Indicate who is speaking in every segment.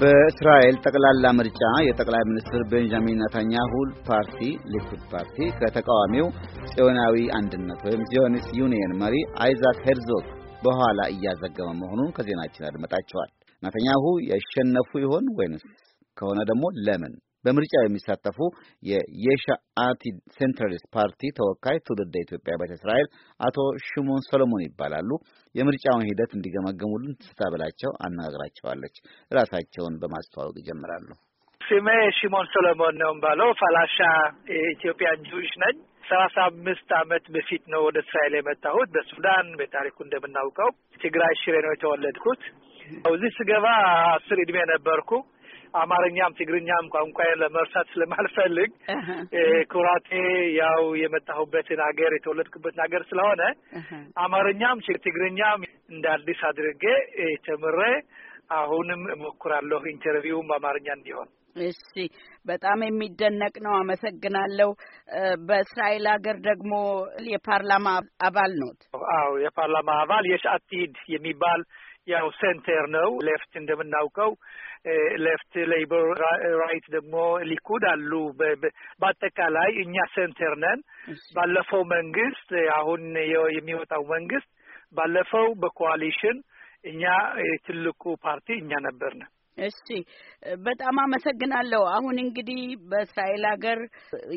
Speaker 1: በእስራኤል ጠቅላላ ምርጫ የጠቅላይ ሚኒስትር ቤንጃሚን ነታንያሁ ፓርቲ ሊኩድ ፓርቲ ከተቃዋሚው ጽዮናዊ አንድነት ወይም ዚዮኒስ ዩኒየን መሪ አይዛክ ሄርዞግ በኋላ እያዘገመ መሆኑን ከዜናችን አድመጣቸዋል። ነታንያሁ ያሸነፉ ይሆን ወይንስ ከሆነ ደግሞ ለምን በምርጫው የሚሳተፉ የየሻአቲ ሴንትራሊስት ፓርቲ ተወካይ ትውልደ ኢትዮጵያ ቤተ እስራኤል አቶ ሽሞን ሰሎሞን ይባላሉ። የምርጫውን ሂደት እንዲገመገሙልን ትስታ ብላቸው አነጋግራቸዋለች። ራሳቸውን በማስተዋወቅ ይጀምራሉ።
Speaker 2: ስሜ ሽሞን ሰሎሞን ነው ባለው ፈላሻ የኢትዮጵያን ጁዊሽ ነኝ። ሰላሳ አምስት ዓመት በፊት ነው ወደ እስራኤል የመጣሁት። በሱዳን በታሪኩ እንደምናውቀው ትግራይ ሽሬ ነው የተወለድኩት። እዚህ ስገባ አስር እድሜ ነበርኩ። አማርኛም ትግርኛም ቋንቋዬን ለመርሳት ስለማልፈልግ ኩራቴ ያው የመጣሁበትን ሀገር የተወለድኩበትን ሀገር ስለሆነ አማርኛም ትግርኛም እንደ አዲስ አድርጌ ተምሬ አሁንም እሞክራለሁ ኢንተርቪውም በአማርኛ እንዲሆን።
Speaker 1: እሺ፣ በጣም የሚደነቅ ነው። አመሰግናለሁ። በእስራኤል ሀገር ደግሞ የፓርላማ አባል ኖት?
Speaker 2: አዎ፣ የፓርላማ አባል የሻአቲድ የሚባል ያው ሴንተር ነው ሌፍት እንደምናውቀው ሌፍት ሌበር ራይት ደግሞ ሊኩድ አሉ። በአጠቃላይ እኛ ሴንተር ነን። ባለፈው መንግስት አሁን የሚወጣው መንግስት ባለፈው በኮዋሊሽን እኛ ትልቁ ፓርቲ እኛ ነበርን።
Speaker 1: እሺ በጣም አመሰግናለሁ። አሁን እንግዲህ በእስራኤል ሀገር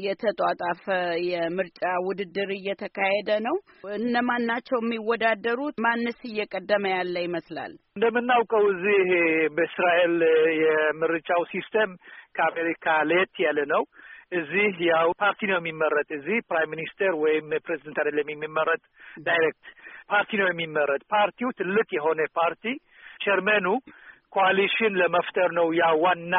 Speaker 1: የተጧጣፈ የምርጫ ውድድር እየተካሄደ ነው። እነማን ናቸው የሚወዳደሩት? ማንስ እየቀደመ ያለ ይመስላል?
Speaker 2: እንደምናውቀው እዚህ በእስራኤል የምርጫው ሲስተም ከአሜሪካ ለየት ያለ ነው። እዚህ ያው ፓርቲ ነው የሚመረጥ። እዚህ ፕራይም ሚኒስተር ወይም ፕሬዚደንት አይደለም የሚመረጥ፣ ዳይሬክት ፓርቲ ነው የሚመረጥ። ፓርቲው ትልቅ የሆነ ፓርቲ ቸርመኑ ኮአሊሽን ለመፍጠር ነው ያ ዋና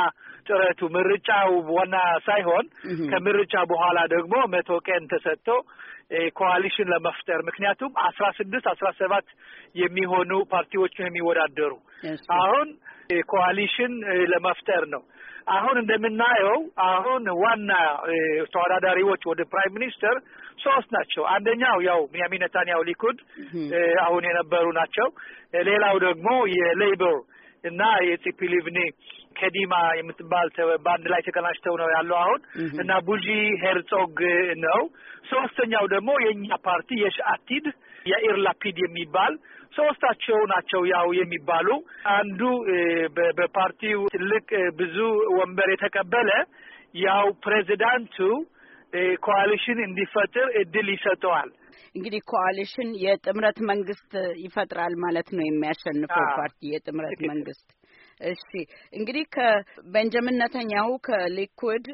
Speaker 2: ጥረቱ። ምርጫው ዋና ሳይሆን ከምርጫ በኋላ ደግሞ መቶ ቀን ተሰጥቶ ኮአሊሽን ለመፍጠር ምክንያቱም አስራ ስድስት አስራ ሰባት የሚሆኑ ፓርቲዎች የሚወዳደሩ። አሁን ኮአሊሽን ለመፍጠር ነው። አሁን እንደምናየው አሁን ዋና ተወዳዳሪዎች ወደ ፕራይም ሚኒስተር ሶስት ናቸው። አንደኛው ያው ቢንያሚን ኔታንያሁ ሊኩድ አሁን የነበሩ ናቸው። ሌላው ደግሞ የሌይበር እና የፂፒ ሊቭኒ ከዲማ የምትባል በአንድ ላይ ተቀናጅተው ነው ያለው አሁን እና ቡጂ ሄርጾግ ነው። ሶስተኛው ደግሞ የእኛ ፓርቲ የሽአቲድ የኢርላፒድ ላፒድ የሚባል ሶስታቸው ናቸው ያው የሚባሉ አንዱ በፓርቲው ትልቅ ብዙ ወንበር የተቀበለ ያው ፕሬዚዳንቱ ኮዋሊሽን እንዲፈጥር እድል ይሰጠዋል።
Speaker 1: እንግዲህ ኮአሊሽን የጥምረት መንግስት ይፈጥራል ማለት ነው። የሚያሸንፈው ፓርቲ የጥምረት መንግስት። እሺ እንግዲህ ከቤንጃሚን ነተኛሁ ከሊኩድ፣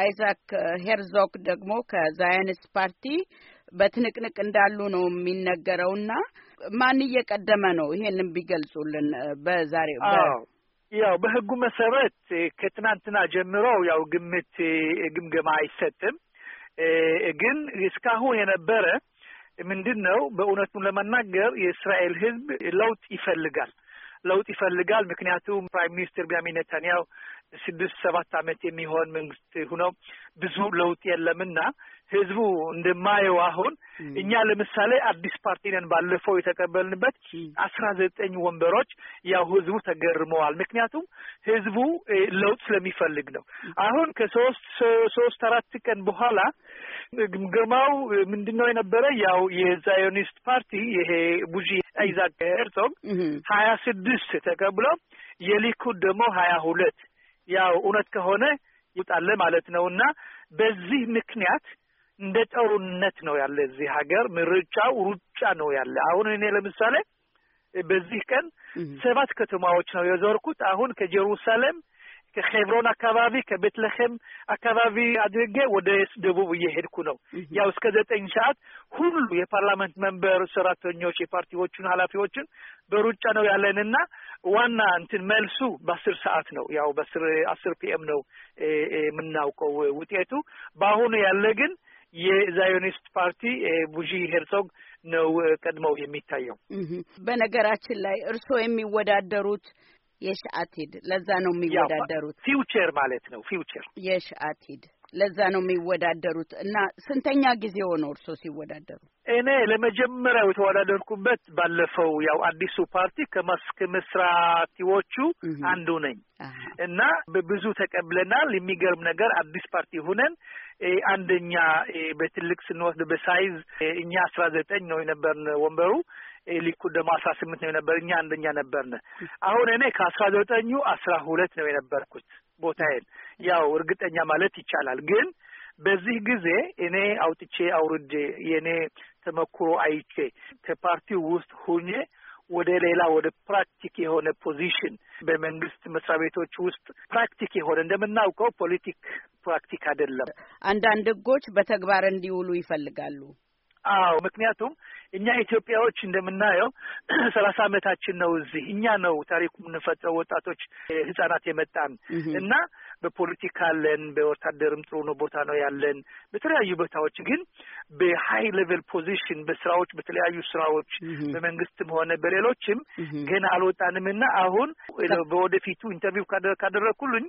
Speaker 1: አይዛክ ሄርዞግ ደግሞ ከዛይንስ ፓርቲ በትንቅንቅ እንዳሉ ነው የሚነገረውና ማን እየቀደመ ነው? ይሄንን ቢገልጹልን በዛሬው
Speaker 2: ያው በህጉ መሰረት ከትናንትና ጀምሮ ያው ግምት ግምገማ አይሰጥም። ግን እስካሁን የነበረ ምንድን ነው በእውነቱን ለመናገር የእስራኤል ህዝብ ለውጥ ይፈልጋል ለውጥ ይፈልጋል። ምክንያቱም ፕራይም ሚኒስትር ቢያሚን ኔታንያው ስድስት ሰባት ዓመት የሚሆን መንግስት ሆኖ ብዙ ለውጥ የለምና ህዝቡ እንደማየው አሁን እኛ ለምሳሌ አዲስ ፓርቲ ነን ባለፈው የተቀበልንበት አስራ ዘጠኝ ወንበሮች ያው ህዝቡ ተገርመዋል። ምክንያቱም ህዝቡ ለውጥ ስለሚፈልግ ነው። አሁን ከሶስት ሶስት አራት ቀን በኋላ ግምገማው ምንድን ነው የነበረ ያው የዛዮኒስት ፓርቲ ይሄ ቡዢ አይዛክ ሄርዞግ ሀያ ስድስት ተቀብሎ የሊኩድ ደግሞ ሀያ ሁለት ያው እውነት ከሆነ ይውጣለ ማለት ነው እና በዚህ ምክንያት እንደ ጦርነት ነው ያለ። እዚህ ሀገር ምርጫው ሩጫ ነው ያለ። አሁን እኔ ለምሳሌ በዚህ ቀን ሰባት ከተማዎች ነው የዞርኩት። አሁን ከጀሩሳሌም ከሄብሮን አካባቢ ከቤትለሄም አካባቢ አድርጌ ወደ ደቡብ እየሄድኩ ነው። ያው እስከ ዘጠኝ ሰዓት ሁሉ የፓርላመንት መንበር ሰራተኞች፣ የፓርቲዎቹን ኃላፊዎችን በሩጫ ነው ያለንና ዋና እንትን መልሱ በአስር ሰዓት ነው። ያው በአስር አስር ፒኤም ነው የምናውቀው ውጤቱ። በአሁኑ ያለ ግን የዛዮኒስት ፓርቲ ቡዢ ሄርጾግ ነው ቀድመው የሚታየው።
Speaker 1: በነገራችን ላይ እርስዎ የሚወዳደሩት የሽአቲድ ለዛ
Speaker 2: ነው የሚወዳደሩት ፊውቸር ማለት ነው ፊውቸር
Speaker 1: የሽአቲድ ለዛ ነው የሚወዳደሩት። እና ስንተኛ ጊዜ ሆኖ እርሶ ሲወዳደሩ?
Speaker 2: እኔ ለመጀመሪያው የተወዳደርኩበት ባለፈው ያው አዲሱ ፓርቲ መስራቲዎቹ አንዱ ነኝ እና ብዙ ተቀብለናል። የሚገርም ነገር አዲስ ፓርቲ ሁነን አንደኛ በትልቅ ስንወስድ በሳይዝ እኛ አስራ ዘጠኝ ነው የነበርን ወንበሩ ሊኩድ ደግሞ አስራ ስምንት ነው የነበር እኛ አንደኛ ነበርን። አሁን እኔ ከአስራ ዘጠኙ አስራ ሁለት ነው የነበርኩት ቦታዬን ያው እርግጠኛ ማለት ይቻላል። ግን በዚህ ጊዜ እኔ አውጥቼ አውርጄ የእኔ ተመክሮ አይቼ ከፓርቲው ውስጥ ሁኜ ወደ ሌላ ወደ ፕራክቲክ የሆነ ፖዚሽን በመንግስት መስሪያ ቤቶች ውስጥ ፕራክቲክ የሆነ እንደምናውቀው ፖለቲክ ፕራክቲክ አይደለም። አንዳንድ ህጎች በተግባር እንዲውሉ ይፈልጋሉ። አዎ፣ ምክንያቱም እኛ ኢትዮጵያዎች እንደምናየው ሰላሳ ዓመታችን ነው እዚህ እኛ ነው ታሪኩ የምንፈጥረው ወጣቶች ህጻናት የመጣን እና በፖለቲካ አለን፣ በወታደርም ጥሩ ነው ቦታ ነው ያለን። በተለያዩ ቦታዎች ግን በሀይ ሌቨል ፖዚሽን በስራዎች በተለያዩ ስራዎች በመንግስትም ሆነ በሌሎችም ገና አልወጣንም እና አሁን በወደፊቱ ኢንተርቪው ካደረግኩልኝ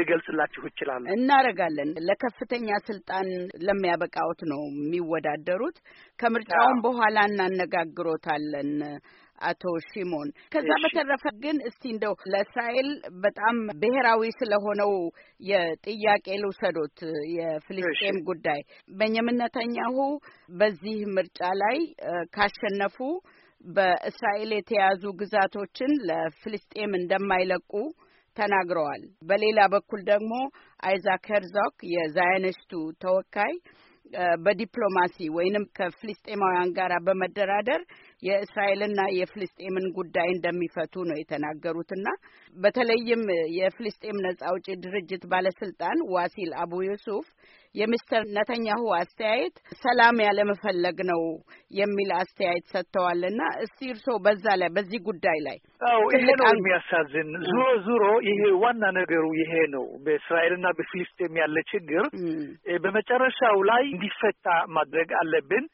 Speaker 2: ልገልጽላችሁ ይችላሉ።
Speaker 1: እናደርጋለን። ለከፍተኛ ስልጣን ለሚያበቃዎት ነው የሚወዳደሩት። ከምርጫውን በኋላ እናነጋግሮታለን። አቶ ሺሞን። ከዛ በተረፈ ግን እስቲ እንደው ለእስራኤል በጣም ብሔራዊ ስለሆነው የጥያቄ ልውሰዶት የፍልስጤም ጉዳይ በኛምን ነተኛሁ በዚህ ምርጫ ላይ ካሸነፉ በእስራኤል የተያዙ ግዛቶችን ለፍልስጤም እንደማይለቁ ተናግረዋል። በሌላ በኩል ደግሞ አይዛክ ሄርዞግ የዛይንስቱ ተወካይ በዲፕሎማሲ ወይንም ከፍልስጤማውያን ጋር በመደራደር የእስራኤልና የፍልስጤምን ጉዳይ እንደሚፈቱ ነው የተናገሩትና በተለይም የፍልስጤም ነጻ አውጪ ድርጅት ባለስልጣን ዋሲል አቡ ዩሱፍ የሚስተር ነተኛሁ አስተያየት ሰላም ያለመፈለግ ነው የሚል አስተያየት ሰጥተዋል። እና እስቲ እርስዎ በዛ ላይ በዚህ ጉዳይ ላይ አዎ፣ ይሄ ነው
Speaker 2: የሚያሳዝን። ዙሮ ዙሮ ይሄ ዋና ነገሩ ይሄ ነው። በእስራኤልና በፊልስጤም ያለ ችግር በመጨረሻው ላይ እንዲፈታ ማድረግ አለብን።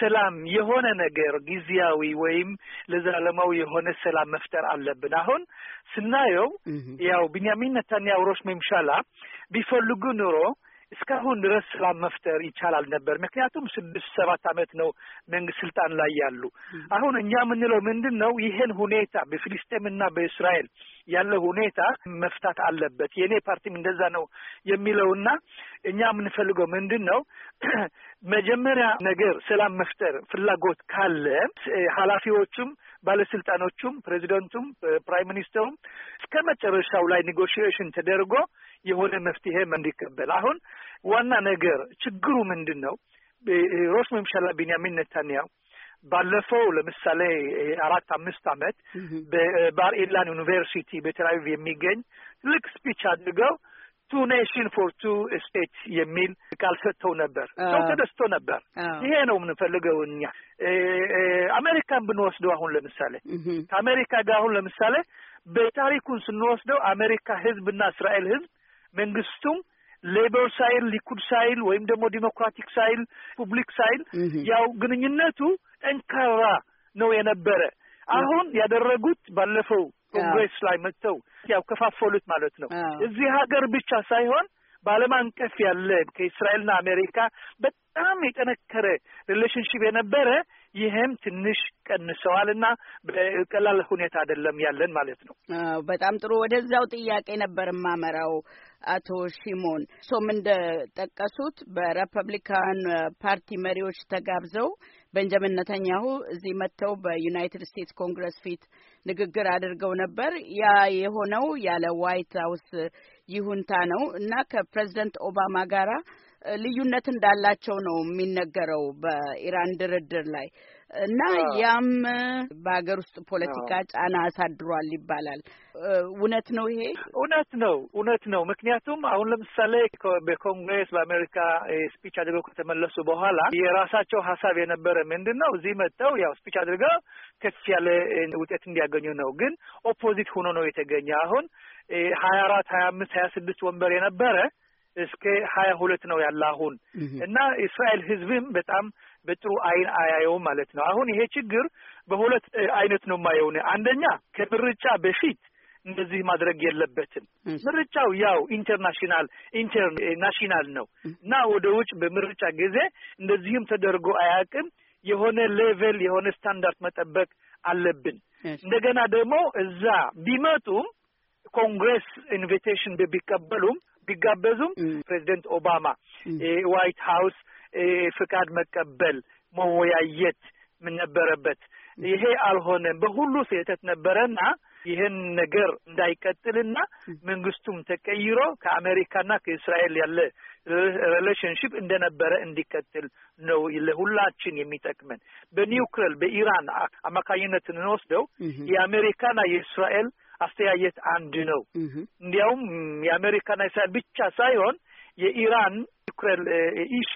Speaker 2: ሰላም የሆነ ነገር ጊዜያዊ ወይም ለዘላለማዊ የሆነ ሰላም መፍጠር አለብን። አሁን ስናየው ያው ቢንያሚን ነታንያሁ ሮሽ መምሻላ ቢፈልጉ ኑሮ እስካሁን ድረስ ስራ መፍጠር ይቻላል ነበር። ምክንያቱም ስድስት ሰባት ዓመት ነው መንግስት ስልጣን ላይ ያሉ። አሁን እኛ የምንለው ምንድን ነው? ይህን ሁኔታ ና በእስራኤል ያለው ሁኔታ መፍታት አለበት። የእኔ ፓርቲም እንደዛ ነው የሚለውና እኛ የምንፈልገው ምንድን ነው? መጀመሪያ ነገር ሰላም መፍጠር ፍላጎት ካለ ኃላፊዎቹም ባለስልጣኖቹም ፕሬዚደንቱም ፕራይም ሚኒስተሩም እስከ መጨረሻው ላይ ኔጎሽዬሽን ተደርጎ የሆነ መፍትሄ እንዲቀበል። አሁን ዋና ነገር ችግሩ ምንድን ነው? ሮስ መምሻላ ቢንያሚን ነታንያው ባለፈው ለምሳሌ አራት አምስት አመት በባር ኢላን ዩኒቨርሲቲ በቴላቪቭ የሚገኝ ትልቅ ስፒች አድርገው ቱ ኔሽን ፎር ቱ ስቴት የሚል ቃል ሰጥተው ነበር። ሰው ተደስቶ ነበር። ይሄ ነው የምንፈልገው እኛ። አሜሪካን ብንወስደው አሁን ለምሳሌ ከአሜሪካ ጋር አሁን ለምሳሌ በታሪኩን ስንወስደው አሜሪካ ሕዝብና እስራኤል ህዝብ መንግስቱም ሌበር ሳይል ሊኩድ ሳይል ወይም ደግሞ ዲሞክራቲክ ሳይል ፑብሊክ ሳይል ያው ግንኙነቱ ጠንካራ ነው የነበረ። አሁን ያደረጉት ባለፈው ኮንግሬስ ላይ መጥተው ያው ከፋፈሉት ማለት ነው። እዚህ ሀገር ብቻ ሳይሆን በዓለም አቀፍ ያለ ከእስራኤልና አሜሪካ በጣም የጠነከረ ሪሌሽንሽፕ የነበረ ይህም ትንሽ ቀንሰዋል እና በቀላል ሁኔታ አይደለም ያለን ማለት ነው። በጣም ጥሩ። ወደዛው
Speaker 1: ጥያቄ ነበር የማመራው አቶ ሺሞን እንደ እንደጠቀሱት በሪፐብሊካን ፓርቲ መሪዎች ተጋብዘው ቤንጃሚን ነተኛሁ እዚህ መጥተው በዩናይትድ ስቴትስ ኮንግረስ ፊት ንግግር አድርገው ነበር። ያ የሆነው ያለ ዋይት ሀውስ ይሁንታ ነው እና ከፕሬዚደንት ኦባማ ጋራ ልዩነት እንዳላቸው ነው የሚነገረው በኢራን ድርድር ላይ እና ያም በሀገር ውስጥ ፖለቲካ ጫና አሳድሯል ይባላል። እውነት ነው? ይሄ
Speaker 2: እውነት ነው፣ እውነት ነው። ምክንያቱም አሁን ለምሳሌ በኮንግሬስ በአሜሪካ ስፒች አድርገው ከተመለሱ በኋላ የራሳቸው ሀሳብ የነበረ ምንድን ነው? እዚህ መጥተው ያው ስፒች አድርገው ከፍ ያለ ውጤት እንዲያገኙ ነው። ግን ኦፖዚት ሆኖ ነው የተገኘ አሁን ሀያ አራት ሀያ አምስት ሀያ ስድስት ወንበር የነበረ እስከ ሀያ ሁለት ነው ያለ አሁን እና እስራኤል ህዝብም በጣም በጥሩ አይን አያየውም ማለት ነው። አሁን ይሄ ችግር በሁለት አይነት ነው የማየውን። አንደኛ ከምርጫ በፊት እንደዚህ ማድረግ የለበትም። ምርጫው ያው ኢንተርናሽናል ኢንተርናሽናል ነው እና ወደ ውጭ በምርጫ ጊዜ እንደዚህም ተደርጎ አያውቅም። የሆነ ሌቨል የሆነ ስታንዳርድ መጠበቅ አለብን። እንደገና ደግሞ እዛ ቢመጡም ኮንግሬስ ኢንቪቴሽን ቢቀበሉም ቢጋበዙም ፕሬዚደንት ኦባማ ዋይት ሀውስ ፍቃድ መቀበል መወያየት ምን ነበረበት። ይሄ አልሆነም። በሁሉ ስህተት ነበረና ይህን ነገር እንዳይቀጥልና መንግስቱም ተቀይሮ ከአሜሪካና ከእስራኤል ያለ ሪሌሽንሽፕ እንደነበረ እንዲቀጥል ነው ለሁላችን የሚጠቅመን። በኒውክሌር በኢራን አማካኝነት እንወስደው የአሜሪካና የእስራኤል አስተያየት አንድ ነው። እንዲያውም የአሜሪካና እስራኤል ብቻ ሳይሆን የኢራን ዩክሬን ኢሹ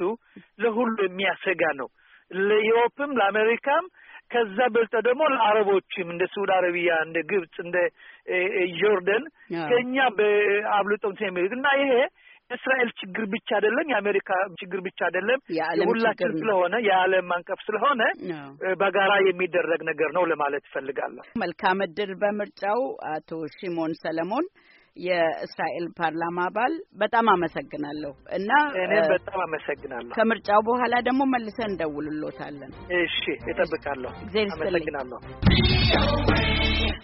Speaker 2: ለሁሉ የሚያሰጋ ነው። ለኢሮፕም ለአሜሪካም ከዛ በልጠ ደግሞ ለአረቦችም እንደ ሳዑዲ አረቢያ፣ እንደ ግብጽ፣ እንደ ጆርደን ከኛ በአብልጦም የሚሉት እና ይሄ የእስራኤል ችግር ብቻ አይደለም፣ የአሜሪካ ችግር ብቻ አይደለም፣ የሁላችን ስለሆነ የዓለም አቀፍ ስለሆነ በጋራ የሚደረግ ነገር ነው ለማለት እፈልጋለሁ።
Speaker 1: መልካም እድል በምርጫው አቶ ሺሞን ሰለሞን የእስራኤል ፓርላማ አባል በጣም አመሰግናለሁ። እና እኔም በጣም
Speaker 2: አመሰግናለሁ።
Speaker 1: ከምርጫው በኋላ ደግሞ መልሰን እንደውልሎታለን። እሺ፣
Speaker 2: እጠብቃለሁ። አመሰግናለሁ።